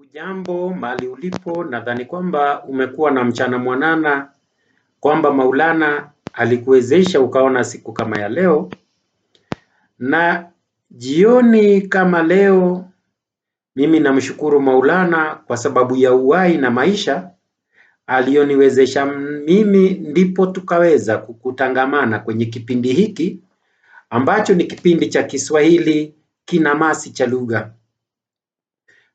ujambo mahali ulipo nadhani kwamba umekuwa na mchana mwanana, kwamba Maulana alikuwezesha ukaona siku kama ya leo, na jioni kama leo mimi namshukuru Maulana kwa sababu ya uhai na maisha aliyoniwezesha mimi, ndipo tukaweza kukutangamana kwenye kipindi hiki ambacho ni kipindi cha Kiswahili kinamasi cha lugha.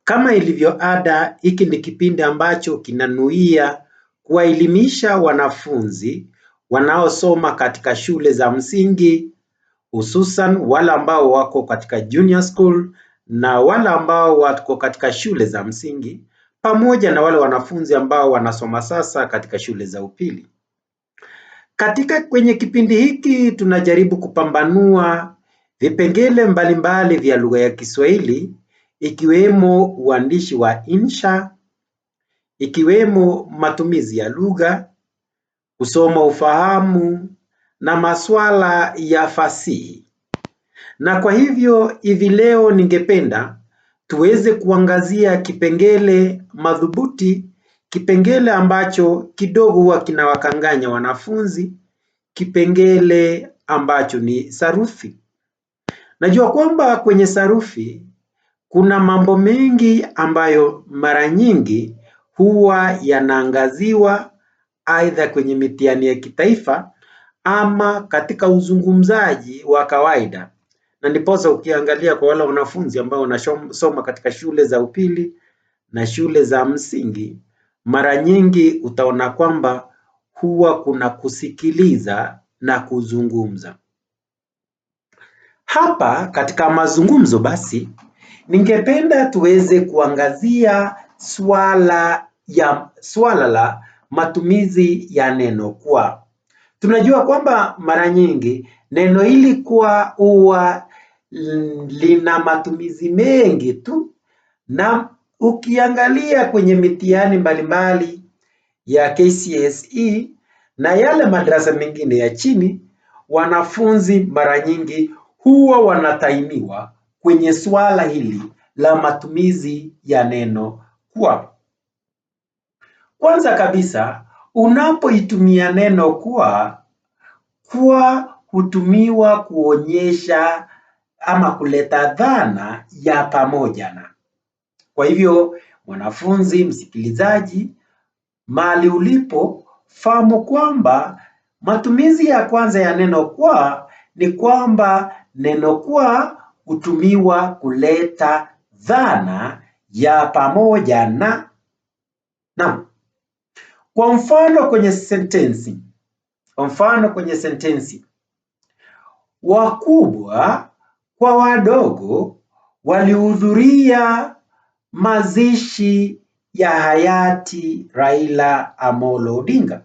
Kama ilivyo ada, hiki ni kipindi ambacho kinanuia kuwaelimisha wanafunzi wanaosoma katika shule za msingi hususan wale ambao wako katika junior school na wale ambao wako katika shule za msingi pamoja na wale wanafunzi ambao wanasoma sasa katika shule za upili. Katika kwenye kipindi hiki tunajaribu kupambanua vipengele mbalimbali vya lugha ya Kiswahili ikiwemo uandishi wa insha, ikiwemo matumizi ya lugha, kusoma ufahamu na masuala ya fasihi. Na kwa hivyo hivi leo ningependa tuweze kuangazia kipengele madhubuti, kipengele ambacho kidogo huwa kinawakanganya wanafunzi, kipengele ambacho ni sarufi. Najua kwamba kwenye sarufi kuna mambo mengi ambayo mara nyingi huwa yanaangaziwa aidha kwenye mitihani ya kitaifa ama katika uzungumzaji wa kawaida na ndiposa ukiangalia kwa wale wanafunzi ambao wanasoma katika shule za upili na shule za msingi, mara nyingi utaona kwamba huwa kuna kusikiliza na kuzungumza. Hapa katika mazungumzo basi Ningependa tuweze kuangazia swala ya swala la matumizi ya neno kwa Tunajua kwamba mara nyingi neno hili kwa huwa lina matumizi mengi tu na ukiangalia kwenye mitihani mbalimbali ya KCSE na yale madarasa mengine ya chini, wanafunzi mara nyingi huwa wanatainiwa kwenye swala hili la matumizi ya neno kuwa. Kwanza kabisa, unapoitumia neno kuwa, kuwa hutumiwa kuonyesha ama kuleta dhana ya pamoja na. Kwa hivyo, mwanafunzi, msikilizaji, mahali ulipo, fahamu kwamba matumizi ya kwanza ya neno kwa ni kwamba neno kwa hutumiwa kuleta dhana ya pamoja na. na. kwa mfano kwenye sentensi, kwa mfano kwenye sentensi, wakubwa kwa wadogo walihudhuria mazishi ya hayati Raila Amolo Odinga.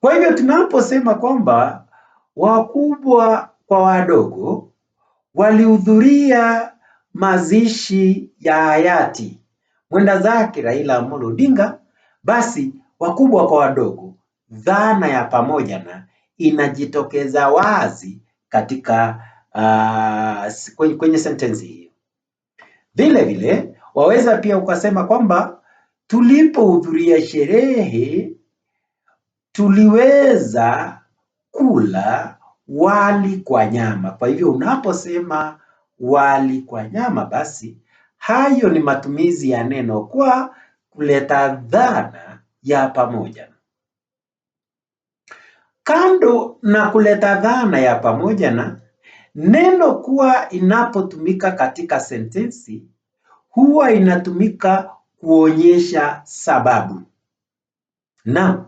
Kwa hivyo tunaposema kwamba wakubwa kwa wadogo Walihudhuria mazishi ya hayati mwenda zake Raila Amolo Odinga. Basi wakubwa kwa wadogo, dhana ya pamoja na inajitokeza wazi katika uh, kwenye, kwenye sentensi hiyo. Vile vile waweza pia ukasema kwamba tulipohudhuria sherehe tuliweza kula wali kwa nyama. Kwa hivyo unaposema wali kwa nyama, basi hayo ni matumizi ya neno kwa kuleta dhana ya pamoja. Kando na kuleta dhana ya pamoja na neno kuwa inapotumika katika sentensi huwa inatumika kuonyesha sababu. na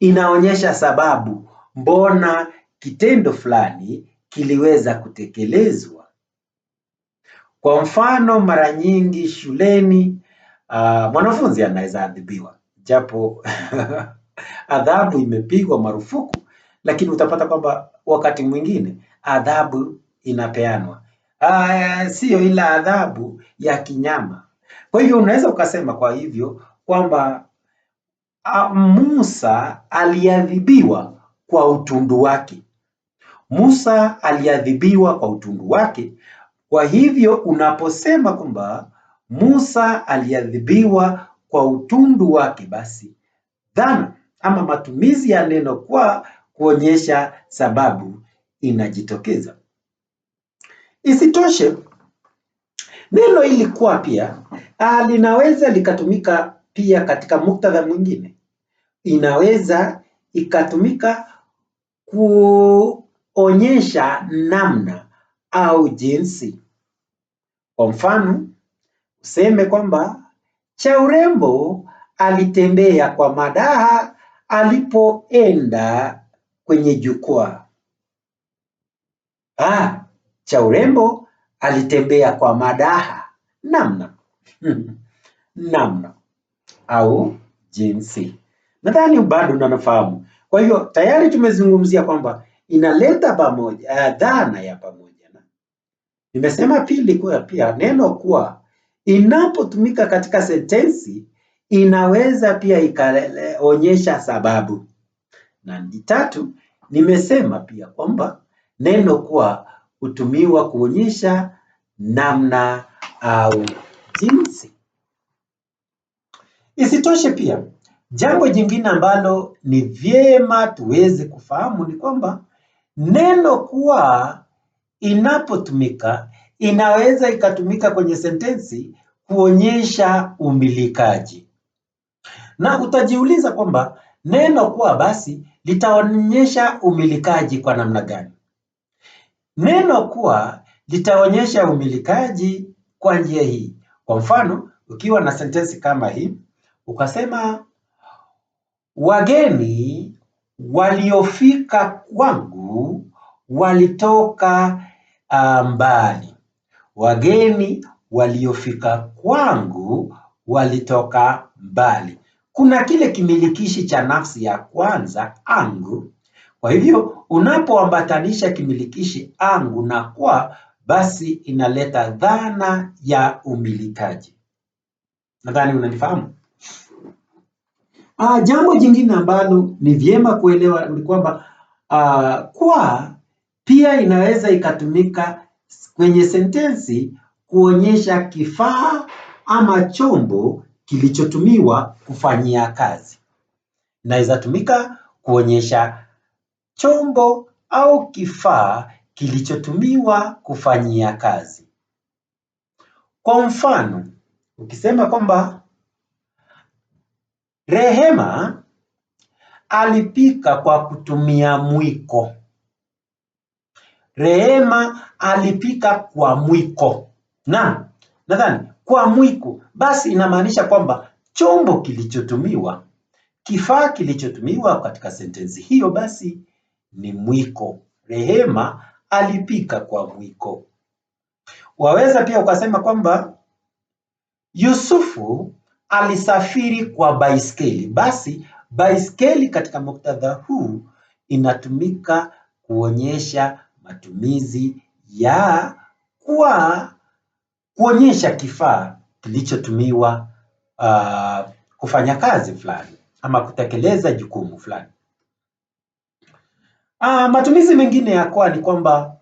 inaonyesha sababu mbona kitendo fulani kiliweza kutekelezwa. Kwa mfano, mara nyingi shuleni uh, mwanafunzi anaweza adhibiwa japo adhabu imepigwa marufuku, lakini utapata kwamba wakati mwingine adhabu inapeanwa uh, ah, siyo ila adhabu ya kinyama. Kwa hivyo unaweza ukasema kwa hivyo kwamba ah, Musa aliadhibiwa kwa utundu wake. Musa aliadhibiwa kwa utundu wake. Kwa hivyo unaposema kwamba Musa aliadhibiwa kwa utundu wake, basi dhana ama matumizi ya neno kwa kuonyesha sababu inajitokeza. Isitoshe, neno hili kwa pia ah, linaweza likatumika pia katika muktadha mwingine. Inaweza ikatumika ku, Onyesha namna au jinsi. Kwa mfano, useme kwamba Chaurembo alitembea kwa madaha alipoenda kwenye jukwaa. Ah, Chaurembo alitembea kwa madaha namna namna au jinsi. Nadhani bado nanafahamu Kwa hiyo tayari tumezungumzia kwamba inaleta pamoja uh, dhana ya pamoja. Na nimesema pili kuwa pia neno kuwa inapotumika katika sentensi inaweza pia ikaonyesha sababu. Na tatu, nimesema pia kwamba neno kuwa hutumiwa kuonyesha namna au jinsi. Isitoshe pia jambo jingine ambalo ni vyema tuweze kufahamu ni kwamba Neno kuwa inapotumika inaweza ikatumika kwenye sentensi kuonyesha umilikaji, na utajiuliza kwamba neno kuwa basi litaonyesha umilikaji kwa namna gani? Neno kuwa litaonyesha umilikaji kwa njia hii. Kwa mfano, ukiwa na sentensi kama hii ukasema, wageni waliofika kwangu Mungu walitoka ah, mbali, wageni waliofika kwangu walitoka mbali. Kuna kile kimilikishi cha nafsi ya kwanza angu. Kwa hivyo unapoambatanisha kimilikishi angu na kwa, basi inaleta dhana ya umilikaji. Nadhani unanifahamu. Ah, jambo jingine ambalo ni vyema kuelewa ni kwamba Ah, kwa pia inaweza ikatumika kwenye sentensi kuonyesha kifaa ama chombo kilichotumiwa kufanyia kazi. Inaweza tumika kuonyesha chombo au kifaa kilichotumiwa kufanyia kazi. Kwa mfano, ukisema kwamba Rehema alipika kwa kutumia mwiko. Rehema alipika kwa mwiko. na nadhani kwa mwiko basi inamaanisha kwamba chombo kilichotumiwa, kifaa kilichotumiwa katika sentensi hiyo basi ni mwiko. Rehema alipika kwa mwiko. Waweza pia ukasema kwamba Yusufu alisafiri kwa baiskeli, basi Baiskeli katika muktadha huu inatumika kuonyesha matumizi ya kwa kuonyesha kifaa kilichotumiwa uh, kufanya kazi fulani ama kutekeleza jukumu fulani. Uh, matumizi mengine ya kwa ni kwamba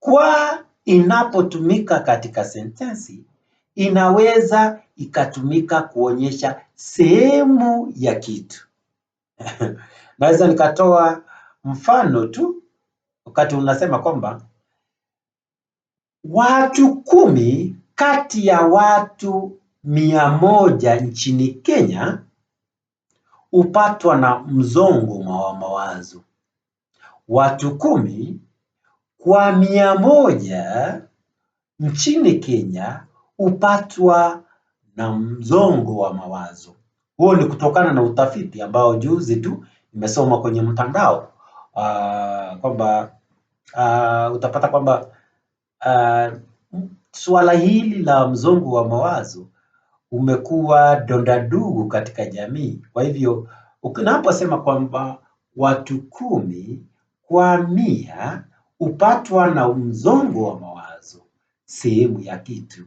kwa inapotumika katika sentensi inaweza ikatumika kuonyesha sehemu ya kitu Naweza nikatoa mfano tu wakati unasema kwamba watu kumi kati ya watu mia moja nchini Kenya hupatwa na mzongo wa mawazo. Watu kumi kwa mia moja nchini Kenya hupatwa na mzongo wa mawazo. Huo ni kutokana na utafiti ambao juzi tu nimesoma kwenye mtandao uh, kwamba uh, utapata kwamba uh, ah, suala hili la mzongo wa mawazo umekuwa dondadugu katika jamii. Kwa hivyo unaposema kwamba watu kumi kwa mia hupatwa na mzongo wa mawazo, sehemu ya kitu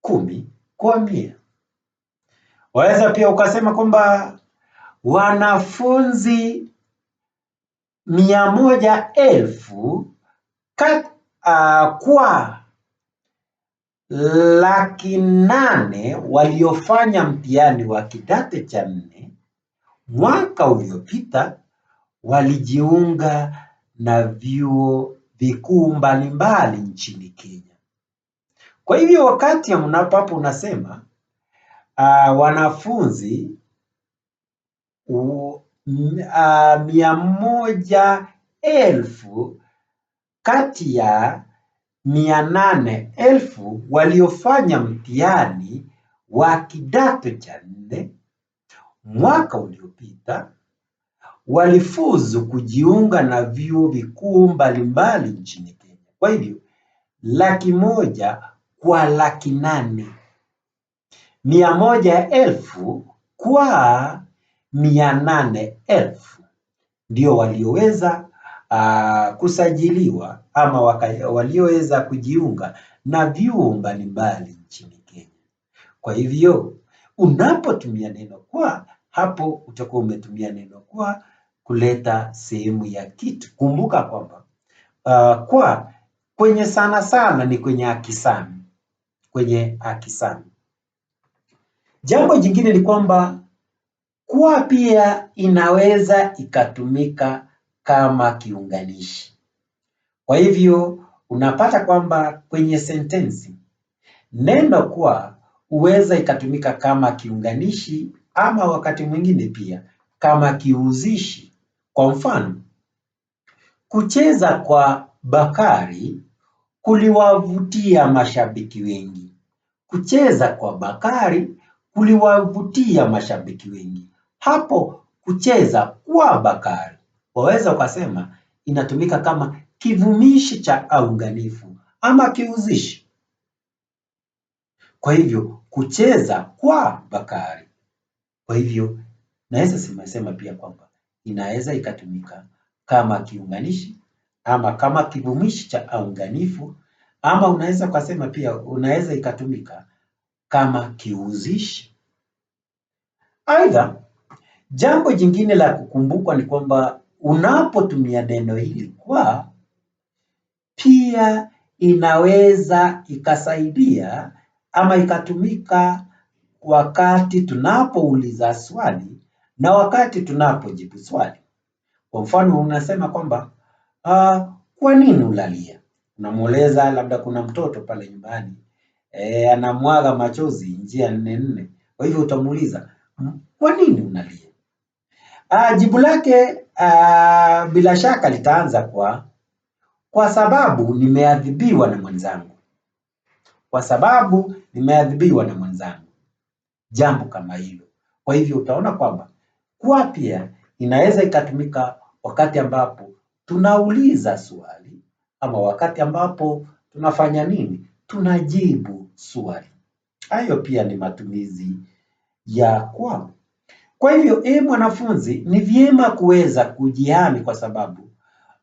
kumi kwa mia Waweza pia ukasema kwamba wanafunzi mia moja elfu kat, uh, ah, kwa laki nane waliofanya mtihani wa kidato cha nne mwaka uliopita walijiunga na vyuo vikuu mbalimbali nchini Kenya. Kwa hivyo wakati mnapapo unasema Ah, wanafunzi uh, mia moja elfu kati ya mia nane elfu waliofanya mtihani wa kidato cha nne mwaka uliopita walifuzu kujiunga na vyuo vikuu mbalimbali nchini Kenya. Kwa hivyo laki moja kwa laki nane mia moja elfu kwa mia nane elfu ndio walioweza uh, kusajiliwa ama walioweza kujiunga na vyuo mbalimbali nchini Kenya. Kwa hivyo unapotumia neno kwa hapo, utakuwa umetumia neno kwa kuleta sehemu ya kitu. Kumbuka kwamba uh, kwa kwenye sana sana ni kwenye akisami, kwenye akisami Jambo jingine ni kwamba kuwa pia inaweza ikatumika kama kiunganishi. Kwa hivyo unapata kwamba kwenye sentensi neno kuwa huweza ikatumika kama kiunganishi ama wakati mwingine pia kama kihusishi. Kwa mfano, kucheza kwa Bakari kuliwavutia mashabiki wengi. Kucheza kwa Bakari kuliwavutia mashabiki wengi. Hapo kucheza kwa Bakari waweza ukasema inatumika kama kivumishi cha aunganifu ama kiuzishi. Kwa hivyo kucheza kwa Bakari, kwa hivyo naweza simesema pia kwamba inaweza ikatumika kama kiunganishi ama kama kivumishi cha aunganifu ama unaweza ukasema pia unaweza ikatumika kama kihusishi. Aidha, jambo jingine la kukumbukwa ni kwamba unapotumia neno hili kwa, pia inaweza ikasaidia ama ikatumika wakati tunapouliza swali na wakati tunapojibu swali. Kwa mfano, unasema kwamba uh, kwa nini ulalia? Unamweleza labda kuna mtoto pale nyumbani e, anamwaga machozi njia nne nne. Kwa hivyo utamuuliza kwa nini unalia? Ah, jibu lake ah, bila shaka litaanza kwa kwa sababu nimeadhibiwa na mwenzangu, kwa sababu nimeadhibiwa na mwenzangu, jambo kama hilo. Kwa hivyo utaona kwamba kwa pia inaweza ikatumika wakati ambapo tunauliza swali ama wakati ambapo tunafanya nini, tunajibu swali. Hayo pia ni matumizi ya kwa. Kwa hivyo, e mwanafunzi, ni vyema kuweza kujihami kwa sababu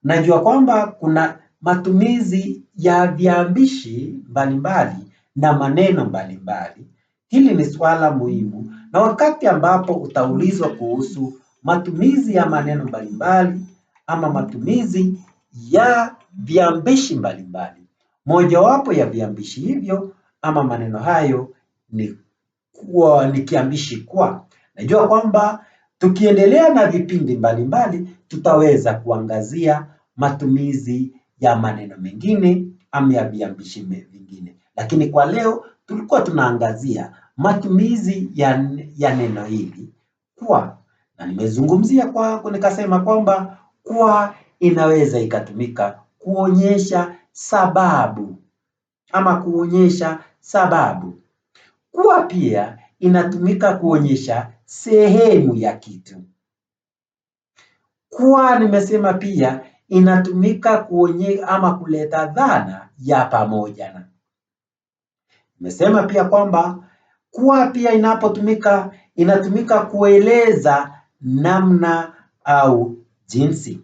najua kwamba kuna matumizi ya viambishi mbalimbali na maneno mbalimbali. Hili ni swala muhimu, na wakati ambapo utaulizwa kuhusu matumizi ya maneno mbalimbali ama matumizi ya viambishi mbalimbali, mojawapo ya viambishi hivyo ama maneno hayo ni kuwa ni kiambishi kwa. Najua kwamba tukiendelea na vipindi mbalimbali mbali, tutaweza kuangazia matumizi ya maneno mengine ama ya viambishi vingine, lakini kwa leo tulikuwa tunaangazia matumizi ya, ya neno hili kwa, na nimezungumzia kwa, nikasema kwamba kwa inaweza ikatumika kuonyesha sababu ama kuonyesha sababu. Kuwa pia inatumika kuonyesha sehemu ya kitu. Kuwa nimesema pia inatumika kuonyesha ama kuleta dhana ya pamoja na. Nimesema pia kwamba kuwa pia inapotumika inatumika kueleza namna au jinsi.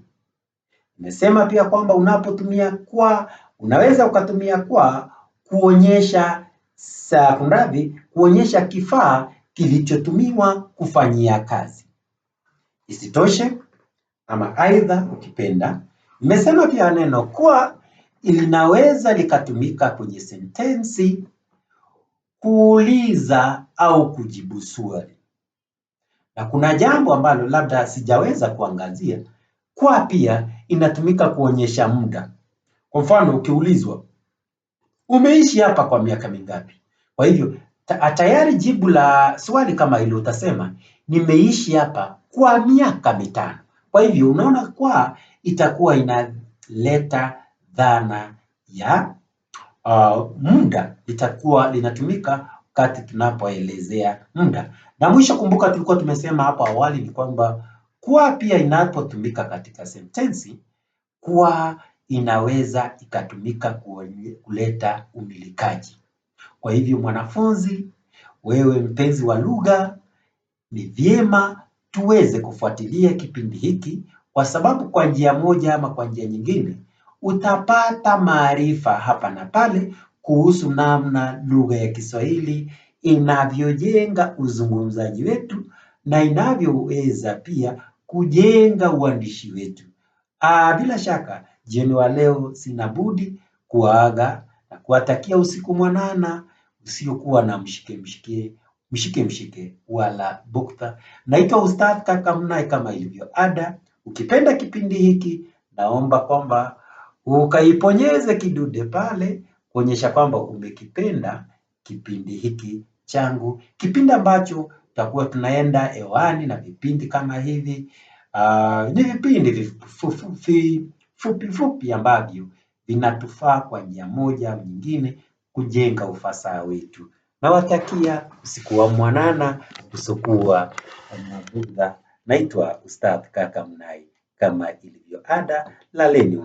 Nimesema pia kwamba unapotumia kwa, unaweza ukatumia kwa kuonyesha kumradhi, kuonyesha kifaa kilichotumiwa kufanyia kazi. Isitoshe ama aidha ukipenda, nimesema pia neno kuwa linaweza likatumika kwenye sentensi kuuliza au kujibu swali. Na kuna jambo ambalo labda sijaweza kuangazia, kwa pia inatumika kuonyesha muda. Kwa mfano ukiulizwa Umeishi hapa kwa miaka mingapi? Kwa hivyo tayari jibu la swali kama hilo utasema nimeishi hapa kwa miaka mitano. Kwa hivyo unaona kwa itakuwa inaleta dhana ya uh, muda litakuwa linatumika wakati tunapoelezea muda. Na mwisho, kumbuka tulikuwa tumesema hapo awali ni kwamba kwa pia inapotumika katika sentensi kwa inaweza ikatumika kuleta umilikaji. Kwa hivyo mwanafunzi, wewe mpenzi wa lugha, ni vyema tuweze kufuatilia kipindi hiki kwa sababu kwa njia moja ama kwa njia nyingine utapata maarifa hapa na pale kuhusu namna lugha ya Kiswahili inavyojenga uzungumzaji wetu na inavyoweza pia kujenga uandishi wetu. Ah, bila shaka Jioni wa leo sina budi kuwaaga na kuwatakia usiku mwanana usiokuwa na mshike mshike mshike mshike wala bukta. Naitwa Ustadh Kaka Mnae kama ilivyo ada. Ukipenda kipindi hiki, naomba kwamba ukaiponyeze kidude pale kuonyesha kwamba umekipenda kipindi hiki changu, kipindi ambacho tutakuwa tunaenda hewani na vipindi kama hivi. Uh, ni vipindi vifupi fupi fupi ambavyo vinatufaa kwa njia moja au nyingine kujenga ufasaha wetu. Nawatakia usiku wa mwanana usokuwa na Naitwa Ustadh Kaka Mnai, kama ilivyo ada, laleni.